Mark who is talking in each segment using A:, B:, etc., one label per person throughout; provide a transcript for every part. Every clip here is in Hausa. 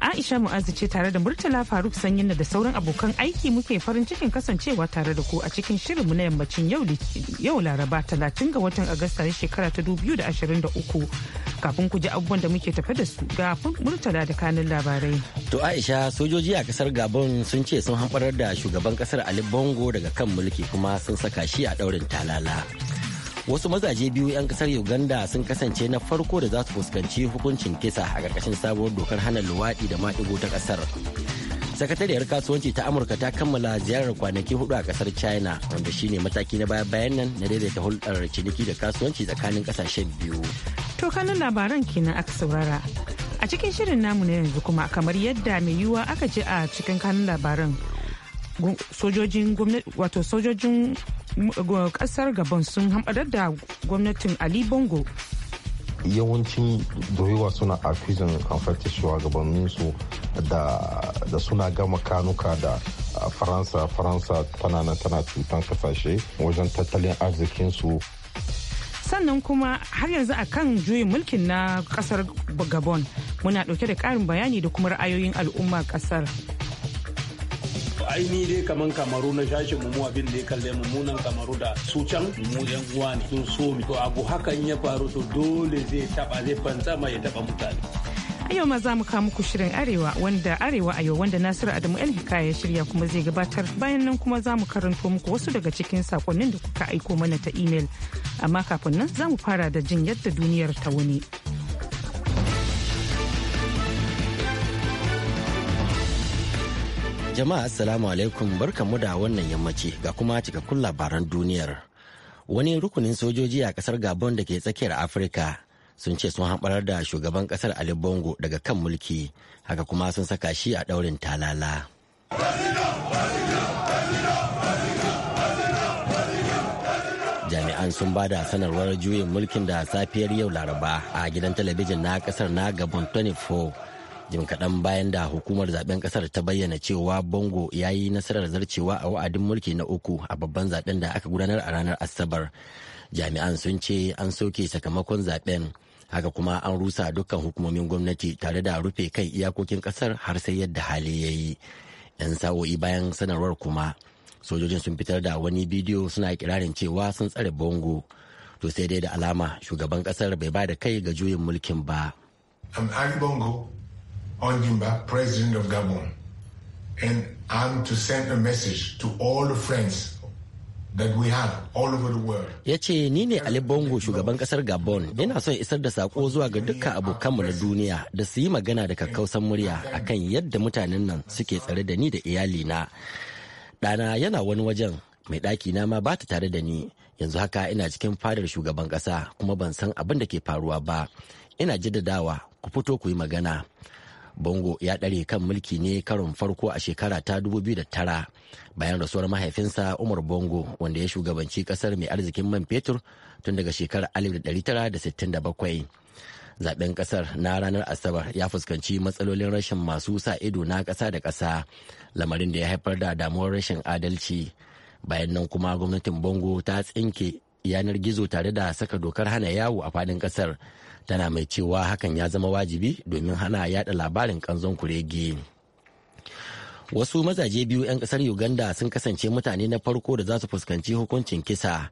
A: Aisha Mu'azu ce tare da Murtala Faruk Sanyin da sauran abokan aiki muke farin cikin kasancewa tare da ku a cikin shirin mu na yammacin yau Laraba 30 ga watan Agusta na shekara ta 2023. Kafin ku ji abubuwan da muke tafe da su ga Murtala da kanin labarai.
B: To Aisha sojoji a kasar Gabon sun ce sun hamɓarar da shugaban kasar Ali Bongo daga kan mulki kuma sun saka shi a ɗaurin talala. wasu mazaje biyu 'yan kasar uganda sun kasance na farko da za su fuskanci hukuncin kisa a ƙarƙashin sabuwar dokar hana luwaɗi da maɗigo ta ƙasar sakatariyar kasuwanci ta amurka ta kammala ziyarar kwanaki hudu a ƙasar china wanda shine mataki na baya bayan nan na daidaita hulɗar ciniki da kasuwanci tsakanin ƙasashen biyu
A: to kanin labaran kenan aka saurara a cikin shirin namu na yanzu kuma kamar yadda mai yiwuwa aka je a cikin kanin labaran sojojin wato sojojin kasar gabon sun hamadar da gwamnatin ali bongo
C: yawancin doyewa suna accusing amfata gabanin su da suna gama kanuka da faransa faransa tana nan tana cutan kasashe wajen tattalin arzikinsu
A: sannan kuma har yanzu a kan juyin mulkin na kasar gabon muna dauke da karin bayani da kuma ra'ayoyin al'umma kasar
D: ai ni dai kaman kamaru na shashi mu abin da ya kalle mummunan kamaru da su can mu yan uwa ne sun so mu to abu hakan ya faru to dole zai taba zai fantsama ya taba mutane
A: a yau ma za mu kawo muku shirin arewa wanda arewa a yau wanda nasiru adamu el ya shirya kuma zai gabatar bayan nan kuma za mu karanto muku wasu daga cikin sakonnin da kuka aiko mana ta imel amma kafin nan za mu fara da jin yadda duniyar ta wuni.
B: Jama'a Assalamu alaikum barkanmu da wannan yammaci ga kuma cikakkun labaran duniyar. Wani rukunin sojoji a kasar Gabon da ke tsakiyar Afirka sun ce sun haɓarar da shugaban kasar Ali Bongo daga kan mulki haka kuma sun saka shi a ɗaurin talala. jami'an sun ba da sanarwar juyin mulkin da safiyar yau laraba a gidan talabijin na kasar na gabon 24 jim kaɗan bayan da hukumar zaben ƙasar ta bayyana cewa bongo ya yi nasarar zarcewa a wa'adin mulki na uku a babban zaben da aka gudanar a ranar asabar jami'an sun ce an soke sakamakon zaben haka kuma an rusa dukkan hukumomin gwamnati tare da rufe kai iyakokin ƙasar har sai yadda hali ya yi 'yan sa'o'i bayan sanarwar kuma sojojin sun fitar da wani bidiyo suna kirarin cewa sun tsare bongo to sai dai da alama shugaban ƙasar bai ba da kai ga juyin mulkin ba. Onjimba, President of Gabon. And I'm to send a message to all the friends that we have all over the world. Ya ce ni ne Ali Bongo shugaban kasar Gabon ina son isar da sako zuwa ga dukkan abokanmu na duniya da su yi magana da kakkausan murya akan yadda mutanen nan suke tsare da ni da iyalina. dana yana wani wajen mai ɗaki na ma ba ta tare da ni yanzu haka ina cikin fadar shugaban kasa kuma ban san abin da ke faruwa ba ina jaddadawa ku fito ku yi magana. bongo ya ɗare kan mulki ne karon farko a shekara ta 2009 bayan rasuwar mahaifinsa umar bongo wanda ya shugabanci kasar mai arzikin man fetur tun daga shekarar 1967 zaben kasar na ranar asabar ya fuskanci matsalolin rashin masu sa ido na ƙasa da ƙasa lamarin da ya haifar da damuwar rashin adalci bayan nan kuma gwamnatin bongo ta tsinke yanar gizo tare da saka dokar hana yawo a fadin ƙasar tana mai cewa hakan ya zama wajibi domin hana yada labarin kanzon kurege wasu mazaje biyu 'yan kasar uganda sun kasance mutane na farko da za su fuskanci hukuncin kisa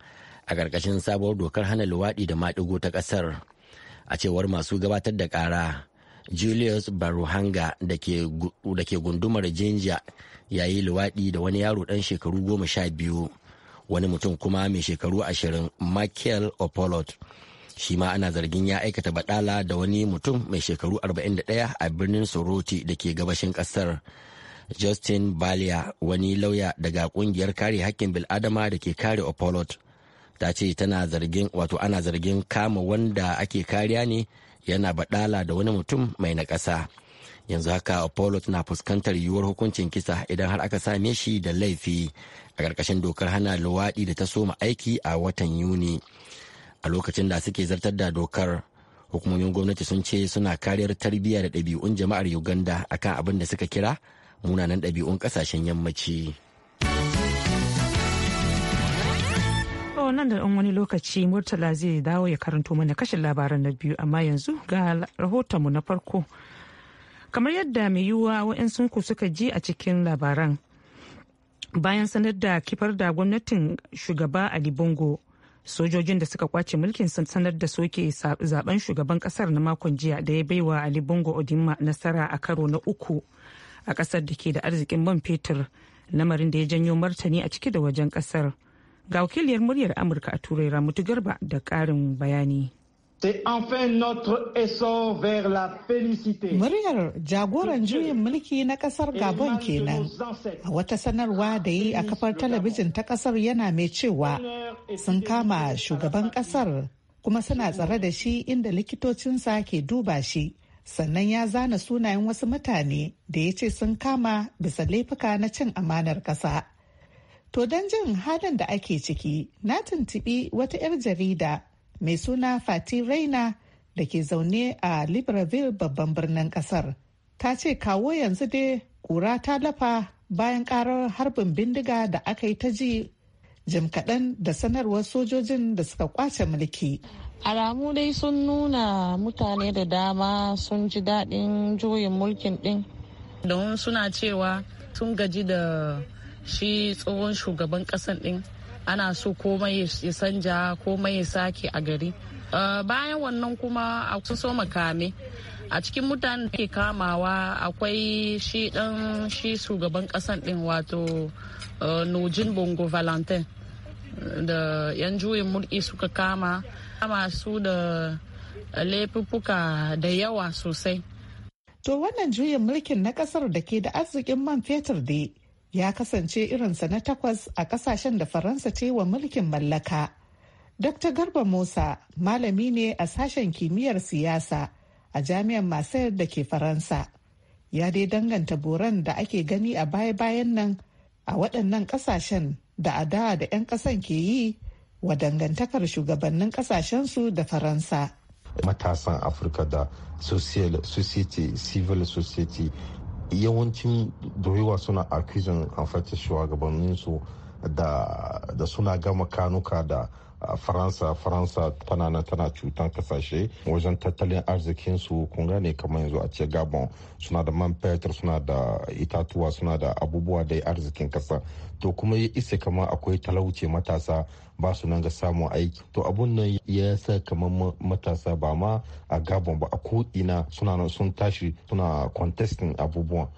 B: a ƙarƙashin sabuwar dokar hana luwaɗi da maɗigo ta ƙasar a cewar masu gabatar da ƙara julius baruhanga da ke gundumar jinja ya yi luwaɗi da wani yaro ɗan shekaru goma sha biyu wani mutum kuma mai shekaru ashirin michael opolot shi ma ana zargin ya aikata badala da wani mutum mai shekaru 41 a birnin soroti da ke gabashin kasar justin balia wani lauya daga kungiyar kare hakkin bil'adama da ke kare opolot ta ce tana zargin wato ana zargin kama wanda ake kariya ne yana badala da wani mutum mai na ƙasa yanzu haka opolot na fuskantar yiwuwar hukuncin kisa idan har aka same shi da laifi a ƙarƙashin dokar hana luwaɗi da ta soma aiki a watan yuni a lokacin da suke zartar da dokar hukumomin gwamnati sun ce suna kariyar tarbiyya da ɗabi'un jama'ar uganda akan abin da suka kira munanan ɗabi'un ƙasashen yammaci
A: nan da ɗan wani lokaci murtala zai dawo ya karanto mana kashin labaran na biyu amma yanzu ga rahotonmu na farko kamar yadda mai yiwuwa wa'yan ku suka ji a cikin labaran bayan sanar da kifar da gwamnatin shugaba ali bongo sojojin da suka kwace mulkin sun sanar da soke zaben shugaban kasar na makon jiya da ya baiwa ali bongo odinma nasara a karo na uku a kasar da ke da arzikin man fetur lamarin da ya janyo martani a ciki da wajen kasar ga wakiliyar muryar amurka a turai ramutu garba da karin bayani C'est enfin
D: notre essor vers la félicité.
E: Muryar jagoran juyin mulki na kasar Gabon kenan. A wata sanarwa da yi a kafar talabijin ta kasar yana mai cewa sun kama shugaban kasar kuma suna tsare da shi inda likitocinsa ke duba shi. Sannan ya zana sunayen wasu mutane da ya ce sun kama bisa laifuka na cin amanar ƙasa. To don jin halin da ake ciki, na tuntuɓi wata 'yar jarida mai suna fati raina da ke zaune a libreville babban birnin kasar ta ce kawo yanzu dai kura ta lafa bayan karar harbin bindiga da aka yi ta ji jim kaɗan da sanarwar sojojin da suka kwace mulki
A: alamu dai sun nuna mutane da dama sun ji daɗin juyin mulkin ɗin don suna cewa tun gaji da shi tsohon shugaban ƙasan ɗin ana so komai ya sanja komai ya sake a gari uh, bayan wannan kuma a so makame a cikin mutane da ke kamawa akwai shi dan shi shugaban kasan din wato uh, nojin bongo valentin uh, da yan juyin mulki suka kama kama su da laifuka da yawa sosai
E: to wannan juyin mulkin na kasar da ke da arzikin man fetur dai ya kasance irinsa na takwas a kasashen da faransa ce wa mulkin mallaka dr garba musa malami ne a sashen kimiyyar siyasa a jami'ar masayar da ke faransa ya dai danganta boran da ake gani a baya-bayan nan a waɗannan kasashen da a da 'yan ƙasan ke yi wa dangantakar shugabannin ƙasashensu da faransa
C: matasan afirka da society civil society yawancin dorewa suna accusing an fata shugabanninsu da suna gama kanuka da a faransa faransa tana na tana cutan kasashe wajen tattalin arzikinsu kun gane kamar yanzu a ce gabon suna da man fetur suna da itatuwa suna da abubuwa da arzikin kasa to kuma ya isa kama akwai talauce matasa ba su nan ga samun aiki to abun nan ya sa kamar matasa ba ma a gabon ba a ko'ina suna nan sun tashi suna contesting abubuwa.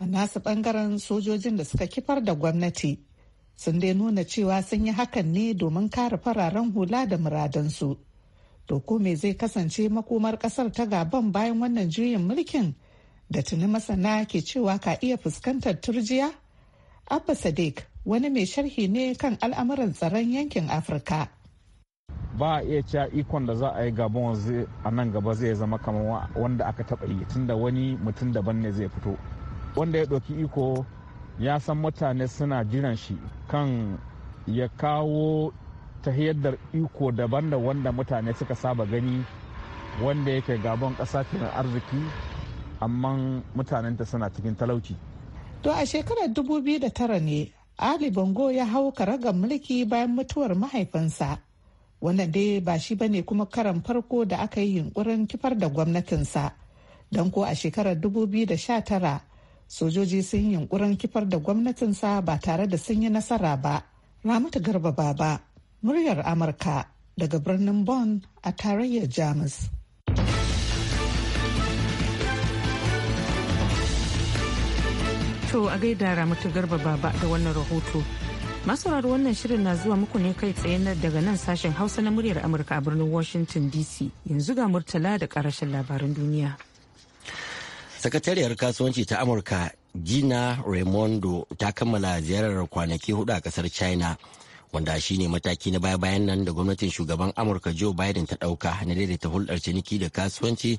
E: a nasu bangaren sojojin da suka kifar da gwamnati sun dai nuna cewa sun yi hakan ne domin kare fararen hula da muradansu to ko me zai kasance makomar kasar ta gaban bayan wannan juyin mulkin da tuni masana ke cewa ka iya fuskantar turjiya abba sadiq wani mai sharhi ne kan al'amuran tsaron yankin afirka
D: ba a iya cewa ikon da za a yi gabon a nan gaba zai zama kamar wanda aka taɓa yi tunda wani mutum daban ne zai fito wanda ya ɗauki iko ya san mutane suna jiran shi kan ya kawo ta hiyar iko daban da wanda mutane suka saba gani
E: wanda yake gaban ƙasa ke arziki amma mutanen ta suna cikin talauci. To a shekarar da tara ne Ali Bongo ya hau karagar mulki bayan mutuwar mahaifinsa. Wannan dai ba shi bane kuma karan farko da aka yi yunkurin kifar da gwamnatinsa. Don ko a shekarar da tara. sojoji sun yi yunkurin kifar da gwamnatinsa ba tare da sun yi nasara ba ramatu garba ba muryar amurka daga birnin bonn a tarayyar jamus
A: to a gaida ramatu garba baba da wannan rahoto masu wannan shirin na zuwa muku ne kai tsaye daga nan sashen hausa na muryar amurka a birnin washington dc yanzu ga murtala da karashen labaran duniya.
B: sakatariyar kasuwanci ta amurka gina raimondo ta kammala ziyarar kwanaki hudu a kasar china wanda shine mataki na baya bayan nan da gwamnatin shugaban amurka joe biden ta dauka na daidaita hulɗar ciniki da kasuwanci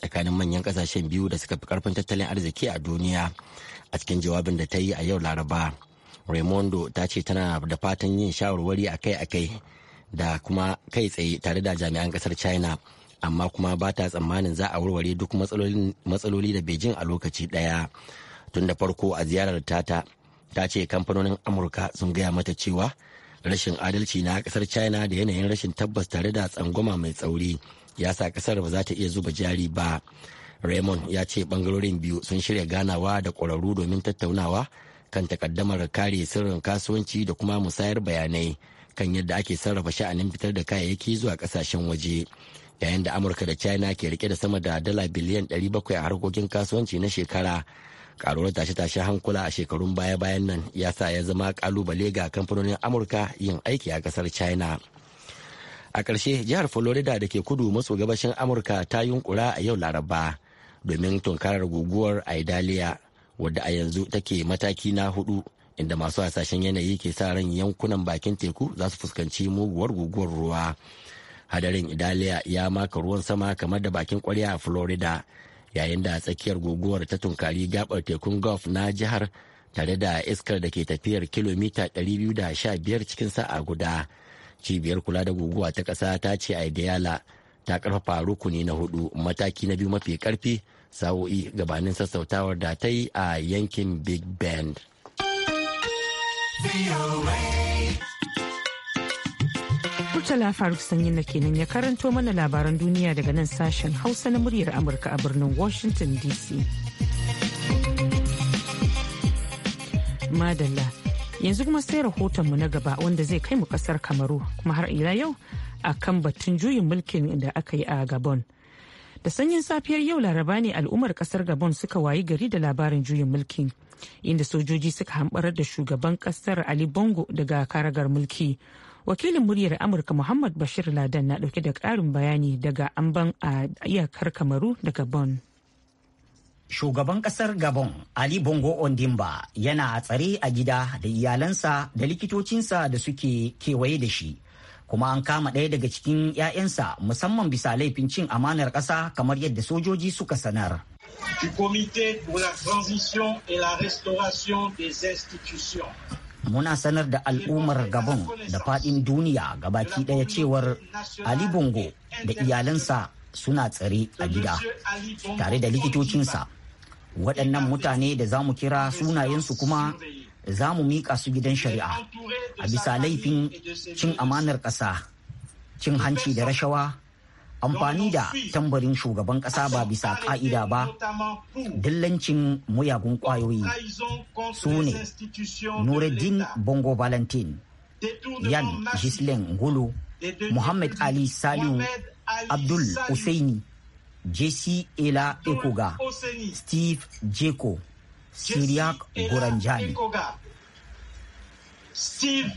B: tsakanin manyan kasashen biyu da suka fi karfin tattalin arziki a duniya a cikin jawabin da ta yi a yau laraba raimondo ta ce tana da fatan yin shawarwari akai-akai da kuma kai tsaye tare da jami'an kasar china amma kuma ba ta tsammanin za a warware duk matsaloli da beijing a lokaci ɗaya tun da farko a ziyarar tata ta ce kamfanonin amurka sun gaya mata cewa rashin adalci na kasar china da yanayin rashin tabbas tare da tsangwama mai tsauri ya sa kasar ba za ta iya zuba jari ba raymond ya ce bangarorin biyu sun shirya ganawa da ƙwararru domin tattaunawa kan takaddamar kare sirrin kasuwanci da kuma musayar bayanai kan yadda ake sarrafa sha'anin fitar da kayayyaki zuwa kasashen waje yayin da amurka da china ke rike da sama da dala biliyan 700 a harkokin kasuwanci na shekara karuwar tashe-tashe hankula a shekarun baya-bayan nan ya sa ya zama kalubale ga kamfanonin amurka yin aiki a kasar china a ƙarshe jihar florida da ke kudu maso gabashin amurka ta yunkura a yau laraba domin tunkarar guguwar idaliya wadda a yanzu take mataki na hudu inda masu hasashen yanayi ke sa ran yankunan bakin teku za su fuskanci muguwar guguwar ruwa hadarin idaliya ya maka ruwan sama kamar da bakin kwarya a florida yayin da tsakiyar guguwar ta tunkari gabar tekun gulf na jihar tare da iskar da ke tafiyar kilomita 215 cikin sa'a guda cibiyar kula da guguwa ta ƙasa ta ce a ideala ta karfafa rukuni na hudu mataki na biyu mafi karfi sa'o'i gabanin sassautawar da ta yi a yankin big bend.
A: Murtala Faruk sanyi na kenan ya karanto mana labaran duniya daga nan sashen Hausa na muryar Amurka a birnin Washington DC. Madalla, yanzu kuma sai rahotonmu na gaba wanda zai kai mu kasar Kamaru kuma har ila yau a kan batun juyin mulkin da aka yi a Gabon. Da sanyin safiyar yau laraba ne al'ummar kasar Gabon suka wayi gari da labarin juyin mulkin. inda sojoji suka hambarar da shugaban kasar Ali Bongo daga karagar mulki. wakilin muryar amurka muhammad bashir ladan na dauke da karin bayani daga amban a iyakar kamaru da gabon
F: shugaban kasar gabon ali bongo ondimba yana a tsare a gida da iyalansa da likitocinsa da suke kewaye da shi kuma an kama ɗaya daga cikin 'ya'yansa musamman bisa laifin cin amanar ƙasa kamar yadda sojoji suka sanar
C: Du comité pour la transition
D: et la restauration des institutions.
F: muna sanar da al'ummar gabon da fadin duniya ga baki daya cewar ali bongo da iyalansa suna tsare a gida tare da likitocinsa waɗannan mutane da za mu kira sunayensu kuma za mu miƙa su gidan shari'a a bisa laifin cin amanar ƙasa cin hanci da rashawa amfani da tambarin shugaban kasa ba bisa ka'ida ba dillancin muyagun kwayoyi su ne nureddin bongo valentin yan gislin gulu
D: muhammad ali saliu abdul usaini
F: jesse ela ekoga steve jeko siriak goranjani
C: steve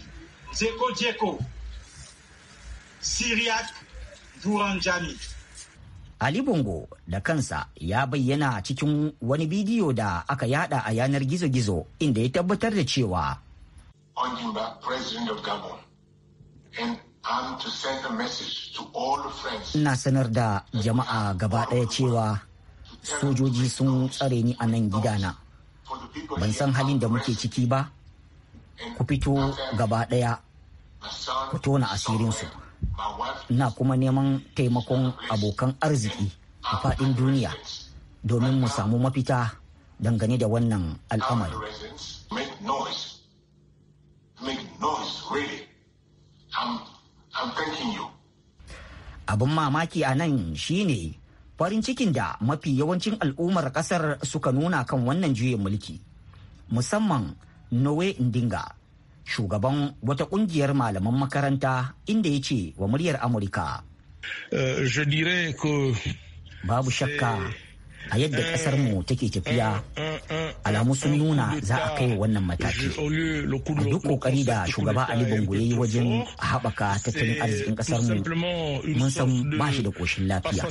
C: Zeko jeko Syriac jami
F: Ali Bongo da kansa ya bayyana cikin wani bidiyo da aka yada a yanar gizo-gizo inda ya tabbatar da cewa Ina sanar da jama'a gaba ɗaya cewa sojoji sun tsare ni a nan gidana. Ban san halin da muke ciki ba, ku fito gaba ɗaya, ku tona asirinsu. na kuma neman taimakon abokan arziki a faɗin duniya domin mu samu mafita dangane da wannan al'amari. Abin mamaki a nan shi ne farin cikin da mafi yawancin al'ummar kasar suka nuna kan wannan juyin mulki musamman nowe Ndinga. shugaban wata kungiyar malaman makaranta inda ya ce wa muryar amurka
C: euh,
F: babu shakka a yadda kasar mu take tafiya alamu sun nuna za a kai wannan mataki a duk kokari da shugaba ali bongo ya yi wajen haɓaka tattalin arzikin kasar
C: mu mun san ba shi da koshin lafiya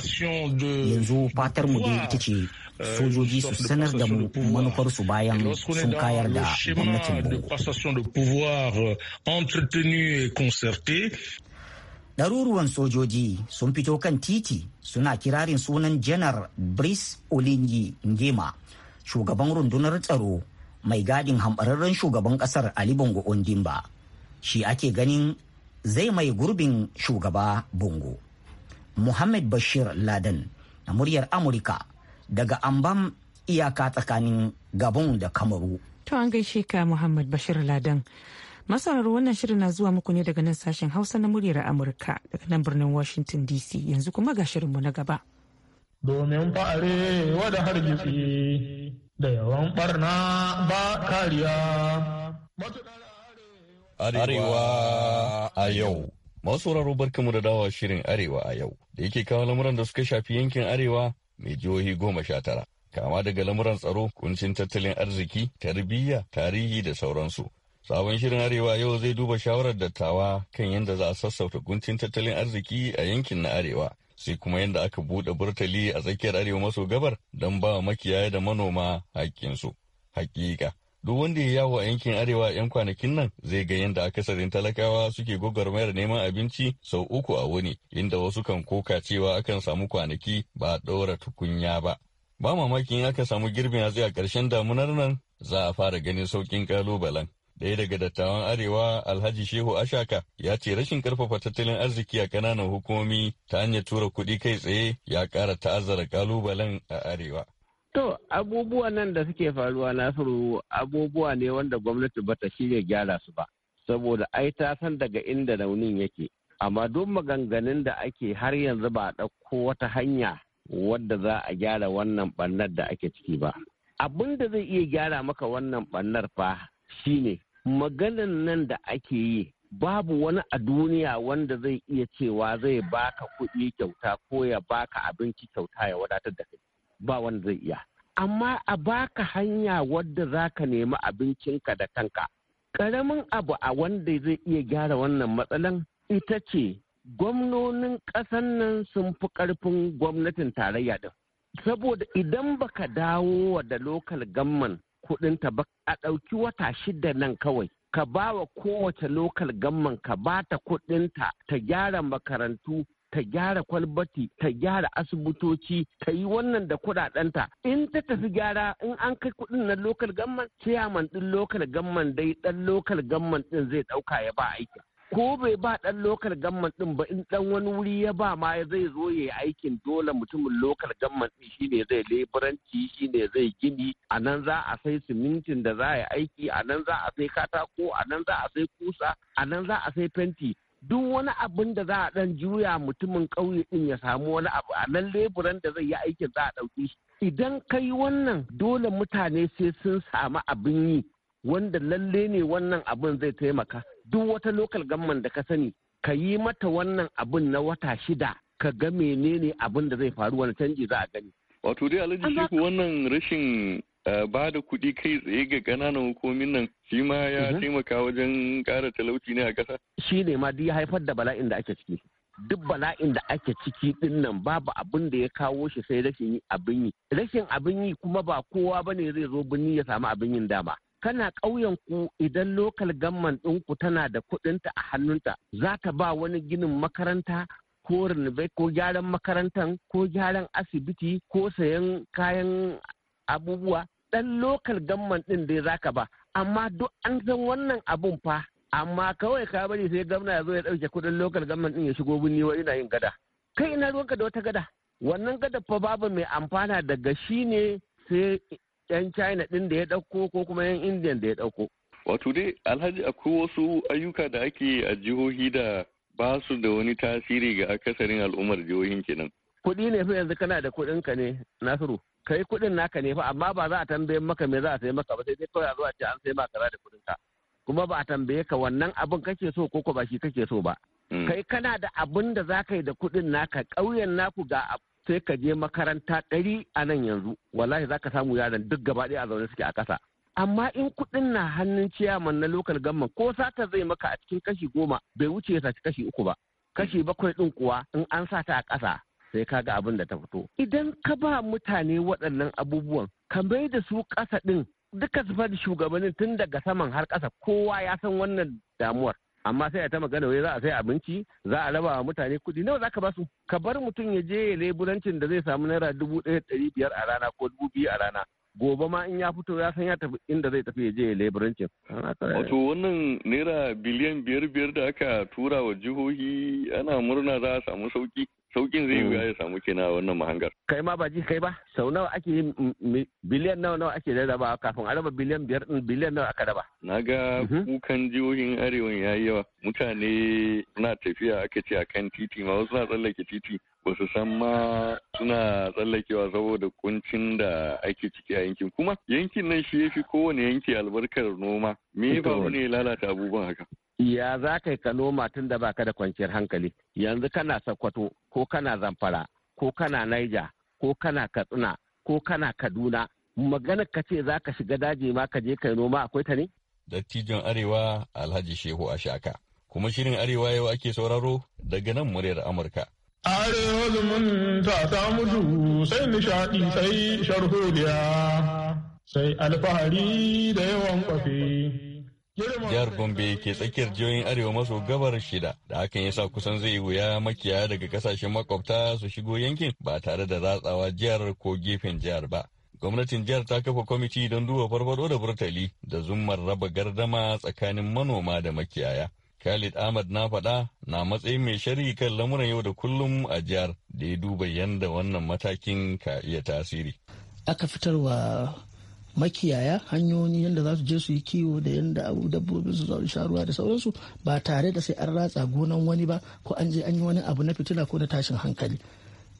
C: yanzu fatar mu dai ita ce sojoji su sanar da mu
F: manufar su bayan sun kayar da gwamnatin bongo ɗaruruwan sojoji sun fito kan titi suna kirarin sunan janar brice olingi ngema shugaban rundunar tsaro mai gadin hambararren shugaban ƙasar ali bongo ondimba shi ake ganin zai mai gurbin shugaba bongo muhammad bashir laden na muryar amurka daga ambam iyaka tsakanin gabon da kamaru
A: to an gaishe ka muhammad bashir laden masarar wannan shirin na zuwa muku ne daga nan sashen Hausa na muryar Amurka daga nan birnin Washington DC yanzu kuma ga shirinmu na gaba.
C: Domin fa'are wada hargitsi da yawan barna ba kariya.
G: Arewa a yau. Masu barkamu da dawa shirin Arewa a yau da yake kawo lamuran da suka shafi yankin Arewa mai jihohi goma sha tara. Kama daga lamuran tsaro, kuncin tattalin arziki, tarbiyya, tarihi da sauransu. Sabon shirin Arewa yau zai duba shawarar dattawa kan yadda za a sassauta guntun tattalin arziki a yankin na Arewa. Sai kuma yadda aka buɗe burtali a tsakiyar Arewa maso gabar don ba makiyaya da manoma haƙƙinsu. haƙiƙa duk wanda ya yawo a yankin Arewa 'yan kwanakin nan zai ga yadda akasarin talakawa suke gwagwarmayar neman abinci sau uku a wuni, inda wasu kan koka cewa akan samu kwanaki ba a ɗora tukunya ba. Ba mamakin aka samu girbin hatsi a ƙarshen damunar nan za a fara ganin sauƙin ƙalubalen. Ɗaya daga dattawan Arewa Alhaji Shehu Ashaka ya ce rashin karfafa tattalin arziki a kananan hukumomi ta hanyar tura kuɗi kai tsaye ya ƙara ta'azzara kalubalen a Arewa.
D: To abubuwan nan da suke faruwa Nasiru abubuwa ne wanda gwamnati ba bata shirya gyara su ba. Saboda ai ta san daga inda raunin yake. Amma duk maganganun da ake har yanzu ba a ɗauko wata hanya wadda za a gyara wannan ɓannar da ake ciki ba. Abin da zai iya gyara maka wannan ɓannar fa shine maganan nan da ake yi babu wani a duniya wanda zai iya cewa zai baka kuɗi kyauta ko ya baka abinci kyauta ya wadatar da kai ba wanda zai iya amma a baka hanya wadda zaka ka nemi abincinka da kanka ƙaramin abu a wanda zai iya gyara wannan matsalan ita ce gwamnonin ƙasan nan sun fi ƙarfin gwamnatin tarayya din saboda idan baka dawo da lokal gamman kuɗinta ba a ɗauki wata shida nan kawai ka ba wa kowace lokal gamman ka ba ta kuɗinta ta gyara makarantu ta gyara kwalbati ta gyara asibitoci ta yi wannan da kuɗaɗenta in ta tafi gyara in an kai kuɗin na lokal gamman ciyaman ɗin lokal gamman dai ɗan lokal gamman ɗin zai ɗauka ya ba aiki ko bai ba dan lokal gamman din ba in dan wani wuri ya ba ma zai zo ya yi aikin dole mutumin lokal gamman din shine zai leburanci shine zai gini a nan za a sai simintin da za a yi aiki a nan za a sai katako a nan za a sai kusa a nan za a sai fenti duk wani abin da za a dan juya mutumin ƙauye din ya samu wani abu a nan leburan da zai yi aikin za a ɗauki shi idan kai wannan dole mutane sai sun samu abin yi wanda lalle ne wannan abin zai taimaka duk wata lokal gamman da ka sani ka yi mata wannan abin na wata shida ka ga menene abin da zai faru wani canji za a gani.
G: Wato dai Alhaji Shehu wannan rashin eh, ba da kuɗi kai tsaye ga ƙananan hukumin nan shi ma ya mhm. taimaka wajen ƙara talauci ne a ƙasa.
D: Shi ne ma duk ya haifar da bala'in da ake ciki. Duk bala'in da ake ciki ɗin nan babu abin da ya kawo shi sai rashin abin yi. Rashin abin yi kuma ba kowa ba ne zai zo birni ya samu abin yin dama. kana ƙauyen ku idan lokal gamman ɗinku tana da kuɗinta a hannunta za ta ba wani ginin makaranta ko rinibai ko gyaran makarantan ko gyaran asibiti ko sayan kayan abubuwa ɗan lokal gamman ɗin dai za ka ba amma duk an san wannan abun fa amma kawai ka bari sai gwamna ya zo ya ɗauke kuɗin lokal gamman ɗin ya shigo binni wa ina yin gada kai ina ruwanka da wata gada wannan gada fa babu mai amfana daga shi ne sai 'yan china ɗin da ya ɗauko ko kuma 'yan indian da ya ɗauko
G: wato dai alhaji akwai wasu ayyuka da ake a jihohi da ba su da wani tasiri ga akasarin al'ummar jihohin kenan
D: kuɗi ne fa yanzu kana da kuɗin ka ne nasiru kai kuɗin naka ne fa amma ba za a tambaye maka me za a sai maka ba sai dai kawai a zuwa ce an sai maka da kuɗin ka kuma ba a tambaye ka wannan abin kake so ko ko ba shi kake so ba hmm. kai kana da abin da za ka yi da kuɗin naka ƙauyen naku ga sai ka je makaranta ɗari a nan yanzu wallahi za ka samu yaran duk gaba ɗaya a zaune suke a ƙasa amma in kuɗin na hannun ciyaman na lokal gamman ko sata zai maka a cikin kashi goma bai wuce ya saci kashi uku ba kashi bakwai ɗin kuwa in an sa ta a ƙasa sai ka ga abin da ta fito idan ka ba mutane waɗannan abubuwan ka bai da su ƙasa ɗin duka su shugabannin tun daga saman har ƙasa kowa ya san wannan damuwar amma sai a ta magana wai za a sai abinci za a raba wa mutane kuɗi nawa za ka ba su ka bar mutum ya je ya leburancin da zai samu naira dubu ɗaya ɗari biyar a rana ko dubu biyu a rana gobe ma in ya fito ya san ya tafi inda zai tafi ya je ya leburancin. Wato
G: wannan naira biliyan biyar biyar da aka tura wa jihohi ana murna za a samu sauki. saukin zai yi mm. ya samu kina wannan mahangar
D: kai ma ba ji kai ba sau nawa ake yi biliyan nawa nawa ake raba kafin a raba biliyan biyar din biliyan nawa aka raba
G: na ga mhm. kukan jihohin arewa ya yi yawa mutane na tafiya aka ce kan titi ma wasu na tsallake titi wasu san ma suna tsallakewa saboda kuncin da ake ciki a yankin kuma yankin nan shi ya fi kowane yanki albarkar noma me ya ne lalata abubuwan haka
D: ya za ka yi noma tun da baka da kwanciyar hankali yanzu kana sokoto ko kana zamfara ko kana naija ko kana katsina ko kana kaduna magana ka ce za ka shiga daji ma ka je kai noma akwai ta ne
G: dattijon arewa alhaji shehu a shaka kuma shirin arewa yau ake sauraro daga nan muryar amurka
C: arewa zumunta ta mutu sai nishaɗi sai sharholiya sai alfahari da yawan kwafi
G: jihar Gombe ke tsakiyar jihohin arewa maso gabar shida da hakan ya sa kusan zai wuya makiyaya daga kasashen makwabta su shigo yankin ba tare da ratsawa jihar ko gefen jihar ba. Gwamnatin jihar ta kafa kwamiti don duba farfado da burtali da zumar raba gardama tsakanin manoma da makiyaya. Khalid Ahmad na faɗa na matsayin mai sharhi kan lamuran yau da kullum a jihar da ya duba yadda wannan matakin ka iya tasiri.
H: Aka fitarwa makiyaya hanyoyin yadda za su je su yi kiwo da yadda abu dabbobin su sha sharuwa da sauransu ba tare da sai an ratsa gonan wani ba ko an je an yi wani abu na fitila ko na tashin hankali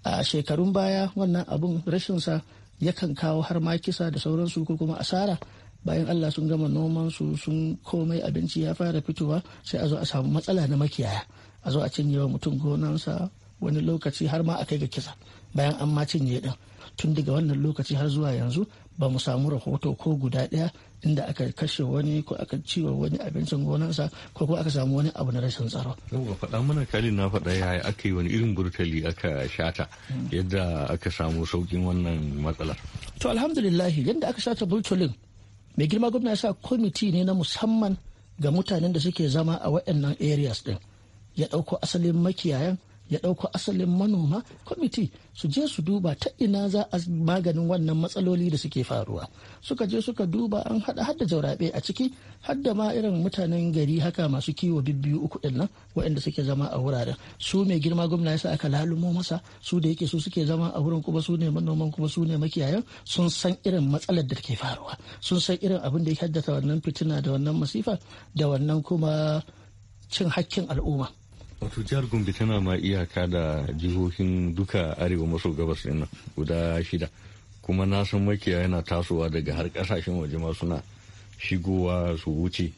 H: a shekarun baya wannan abun rashinsa yakan kawo har ma kisa da sauransu ko kuma asara bayan allah sun gama noman su sun komai abinci ya fara fitowa sai a zo a samu matsala na makiyaya a zo a cinye wa mutum gonansa wani lokaci har ma a kai ga kisa bayan an ma cinye din tun daga wannan lokaci har zuwa yanzu ba mu samu rahoto ko guda ɗaya inda aka kashe wani ko aka ciwa wani abincin gonarsa ko kuma aka samu wani abu na rashin tsaro.
G: yau faɗa mana kalin na faɗa ya aka yi wani irin burtali aka shata yadda aka samu saukin wannan matsalar.
H: To alhamdulillah yadda aka shata burtalin mai girma gwamna ya sa kwamiti ne na musamman ga mutanen da suke zama a waɗannan areas ɗin ya ɗauko asalin makiyayan ya ɗauko asalin manoma kwamiti su je su duba ta ina za a maganin wannan matsaloli da suke faruwa suka je suka duba an hada hadda jaurabe a ciki hadda ma irin mutanen gari haka masu kiwo bibbiyu uku din nan waɗanda suke zama a wuraren su mai girma gwamna ya sa aka lalumo masa su da yake su suke zama a wurin kuma su ne manoman kuma su ne makiyayan sun san irin matsalar da take faruwa sun san irin abin da ya haddata wannan fitina da wannan masifa da wannan kuma cin hakkin al'umma
G: wato jihar gombe tana ma iyaka da jihohin duka arewa maso gabas din nan guda shida kuma na san makiya yana tasowa daga har ƙasashen waje ma suna shigowa su wuce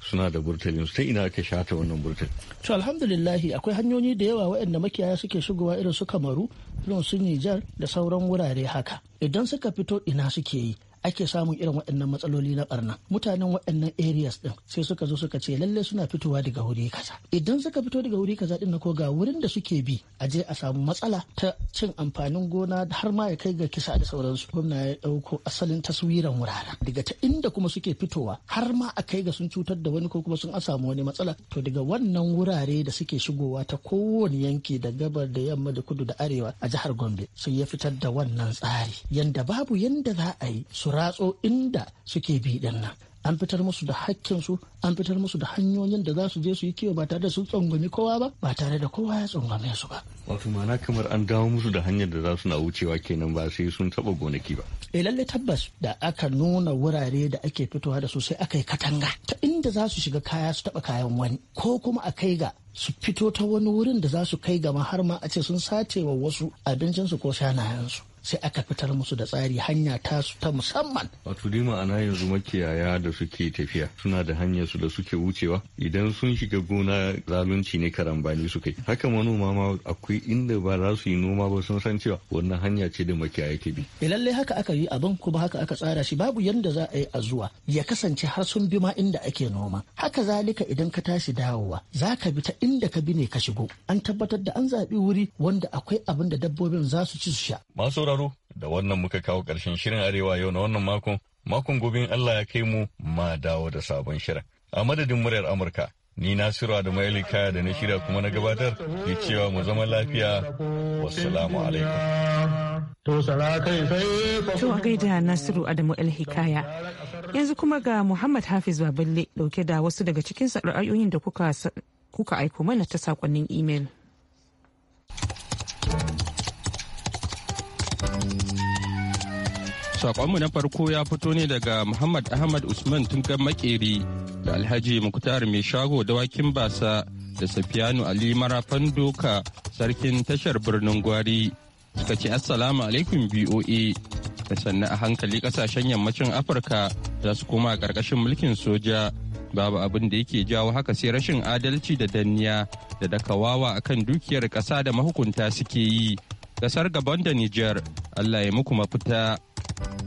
G: suna da burtalin ta ina aka shata wannan burtali.
H: to alhamdulillahi akwai hanyoyi da yawa waɗanda makiyaya suke shigowa irin su kamaru irin su nijar da sauran wurare haka idan suka fito ina suke yi ake samun irin waɗannan matsaloli na barna mutanen waɗannan areas ɗin sai suka zo suka ce lalle suna fitowa daga wuri kaza idan suka fito daga wuri kaza ɗin na ko ga wurin da suke bi a je a samu matsala ta cin amfanin gona har ma ya kai ga kisa da sauransu gwamna ya ɗauko asalin taswiran wuraren daga ta inda kuma suke fitowa har ma a kai ga sun cutar da wani ko kuma sun samu wani matsala to daga wannan wurare da suke shigowa ta kowane yanki da gabar da yamma da kudu da arewa a jihar gombe sun ya fitar da wannan tsari yanda babu yanda za a yi su ratso inda suke bi din nan an fitar musu da hakkinsu an fitar musu da hanyoyin da za su je su yi kiwo ba tare da sun tsangwami kowa ba ba tare da kowa ya tsangwame su ba
G: wato mana kamar an dawo musu da hanyar da za su na wucewa kenan ba sai sun taba gonaki ba
H: eh lalle tabbas da aka nuna wurare da ake fitowa da su sai aka yi katanga ta inda za su shiga kaya su taɓa kayan wani ko kuma a kai ga su fito ta wani wurin da za su kai gama har ma a ce sun sace wa wasu abincinsu ko shanayensu sai aka fitar musu da tsari hanya ta su ta musamman
G: wato dima ma'ana yanzu makiyaya da suke tafiya suna da hanyar su da suke wucewa idan sun shiga gona zalunci ne karambani su kai haka manoma ma akwai inda ba za su yi noma ba sun san cewa wannan hanya ce da makiyaya ke bi
H: eh, lallai haka aka yi abin kuma haka aka tsara shi babu yadda za a yi a zuwa ya kasance har sun bi ma inda ake noma haka zalika idan ka tashi dawowa za ka bi ta inda ka bi ne ka shigo an tabbatar da an zaɓi wuri wanda akwai abin da dabbobin za su ci su sha
G: masu sauraro da wannan muka kawo ƙarshen shirin arewa yau na wannan makon makon gobe Allah ya kai mu ma dawo da sabon shirin a madadin muryar Amurka ni Nasiru Adamu Ali kaya da na shirya kuma na gabatar ke cewa mu zama lafiya wassalamu alaikum
C: to a
A: gaida Nasiru Adamu El Hikaya yanzu kuma ga Muhammad Hafiz Baballe dauke da wasu daga cikin ayoyin da kuka aiko mana ta sakonnin imel.
C: Sakonmu na farko ya fito ne daga Muhammad Ahmad Usman Tungan Makeri da Alhaji Muktar Mai Shago Dawakin Basa da Safiyanu Ali Marafan Doka Sarkin Tashar Birnin Gwari suka ce Assalamu alaikum BOA. Da sannan a hankali kasashen yammacin Afirka za su koma a ƙarƙashin mulkin soja. Babu abin da yake jawo haka sai rashin adalci da danniya da dakawawa akan dukiyar ƙasa da mahukunta suke yi. Ƙasar Gabon da Nijar, Allah ya muku mafita.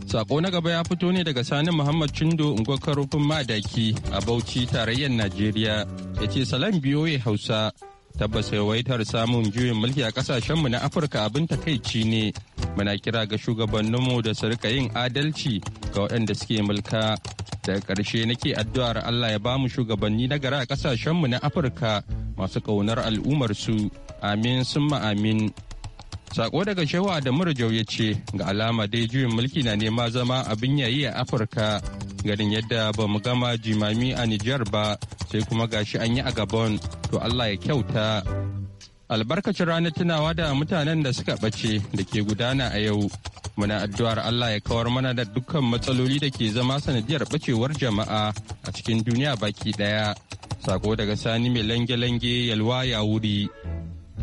C: Sako na gaba ya fito ne daga Sani Muhammad Chindo Ngwakarufin Madaki a Bauchi tarayyar Najeriya ya ce salam biyoye Hausa tabbas yawaitar samun juyin mulki a kasashenmu na Afirka abin takaici ne muna kira ga shugabanninmu da su rika yin adalci ga waɗanda suke mulka daga ƙarshe nake addu'ar Allah ya bamu shugabanni na gari a kasashenmu na Afirka masu ƙaunar al'umarsu amin ma amin Sako daga shawa da Murjau ya ce ga alama dai juyin mulki na nema zama abin yayi a Afirka garin yadda ba mu gama jimami a Nijar ba sai kuma gashi an yi a Gabon to Allah ya kyauta. Albarkacin ranar tunawa da mutanen da suka bace da ke gudana a yau muna addu'ar Allah ya kawar mana da dukkan matsaloli da ke zama sanadiyar ɓacewar jama'a a cikin duniya baki ɗaya. Sako daga Sani mai lange-lange yalwa ya wuri.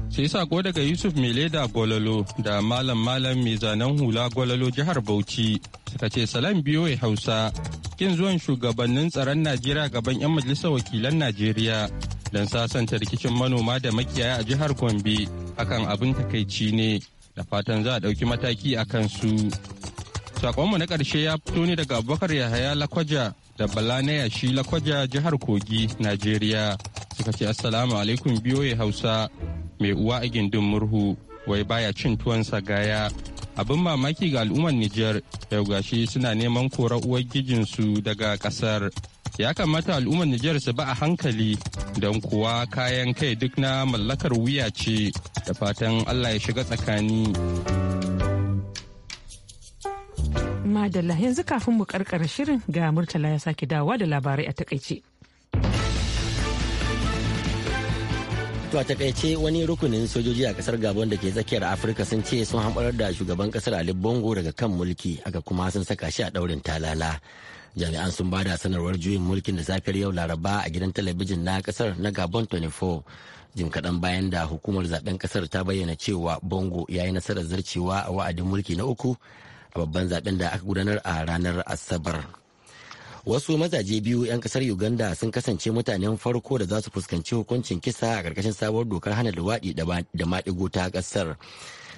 C: sai sako daga yusuf mai leda gwalolo da malam malam mai zanen hula gwalolo jihar bauchi suka ce salam ya hausa kin zuwan shugabannin tsaron najeriya gaban 'yan majalisar wakilan najeriya don sasanta rikicin manoma da makiyaya a jihar gombe akan abin takaici ne da fatan za a ɗauki mataki a kansu sakonmu na ƙarshe ya fito ne daga abubakar yahaya lakwaja da bala na yashi lakwaja jihar kogi najeriya suka ce assalamu alaikum biyoyi hausa mai uwa a gindin murhu wai baya cin tuwansa gaya abin mamaki ga al'ummar Nijar yau gashi suna neman korar uwar gijinsu daga kasar. Ya kamata al'ummar Nijar su ba a hankali don kuwa kayan kai duk na mallakar wuya ce da fatan Allah ya shiga tsakani.
A: Madalla yanzu kafin mu karkara shirin ga Murtala ya sake dawowa da labarai a takaice.
B: To a takaice wani rukunin sojoji a kasar Gabon da ke tsakiyar Afirka sun ce sun hamɓarar da shugaban kasar Ali Bongo daga kan mulki aka kuma sun saka shi a ɗaurin talala. Jami'an sun bada sanarwar juyin mulkin da safiyar yau Laraba a gidan talabijin na kasar na Gabon 24. Jim kaɗan bayan da hukumar zaben kasar ta bayyana cewa Bongo ya yi nasarar zarcewa a wa'adin mulki na uku a babban zaben da aka gudanar a ranar Asabar. wasu mazaje biyu 'yan kasar uganda sun kasance mutanen farko da za su fuskanci hukuncin kisa a karkashin sabuwar dokar hana luwaɗi da maɗigo ta ƙasar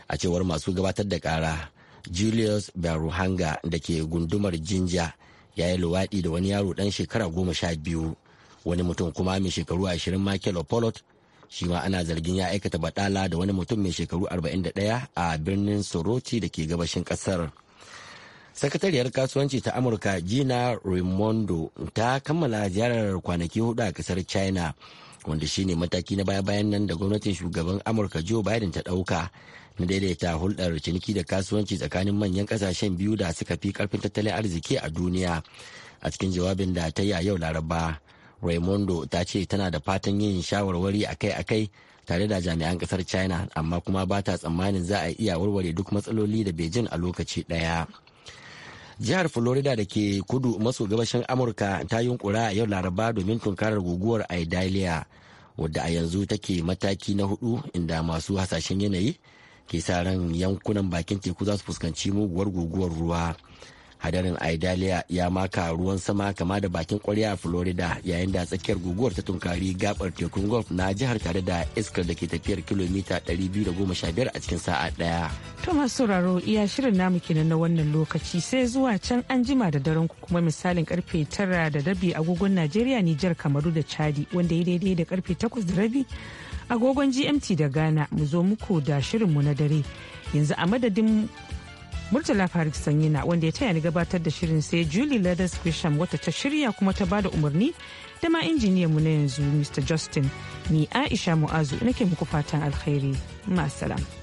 B: a cewar masu gabatar da ƙara julius baruhanga da ke gundumar jinja ya yi luwaɗi da wani yaro ɗan shekara goma sha biyu wani mutum kuma mai shekaru ashirin michael opolot shi ma ana zargin ya aikata baɗala da wani mutum mai shekaru arba'in da ɗaya a birnin soroti da ke gabashin ƙasar. sakatariyar kasuwanci ta amurka gina raimondo ta kammala ziyarar kwanaki hudu a kasar china wanda shine mataki na baya-bayan nan da gwamnatin shugaban amurka joe biden ta dauka na daidaita hulɗar ciniki da kasuwanci tsakanin manyan kasashen biyu da suka fi karfin tattalin arziki a duniya a cikin jawabin da ta yi a yau laraba raimondo ta ce tana da fatan yin shawarwari akai-akai tare da jami'an kasar china amma kuma ba ta tsammanin za a iya warware duk matsaloli da beijing a lokaci ɗaya. jihar florida da ke kudu maso gabashin amurka ta yunkura a yau laraba domin tunkarar guguwar idalia wadda a yanzu take mataki na hudu inda masu hasashen yanayi ke sa ran yankunan bakin teku za su fuskanci muguwar guguwar ruwa hadarin idalia ya maka ruwan sama kama da bakin kwarya a florida yayin da tsakiyar guguwar ta tunkari gabar tekun golf na jihar tare da iskar da ke tafiyar kilomita 215 a cikin sa'a daya
A: to masu sauraro iya shirin namu kenan na wannan lokaci sai zuwa can an jima da daren ku kuma misalin karfe tara da rabi agogon najeriya nijar kamaru da chadi wanda ya daidai da karfe takwas da rabi agogon gmt da ghana mu zo muku da shirinmu na dare yanzu a madadin Murtala Faruk Sanyina wanda ya taya ni gabatar da shirin sai Julie Leathers Grisham wata ta shirya kuma ta bada umarni da ma injiniyan mu na yanzu Mr. Justin. Ni Aisha Mu'azu nake muku fatan alkhairi. Ma'asalam.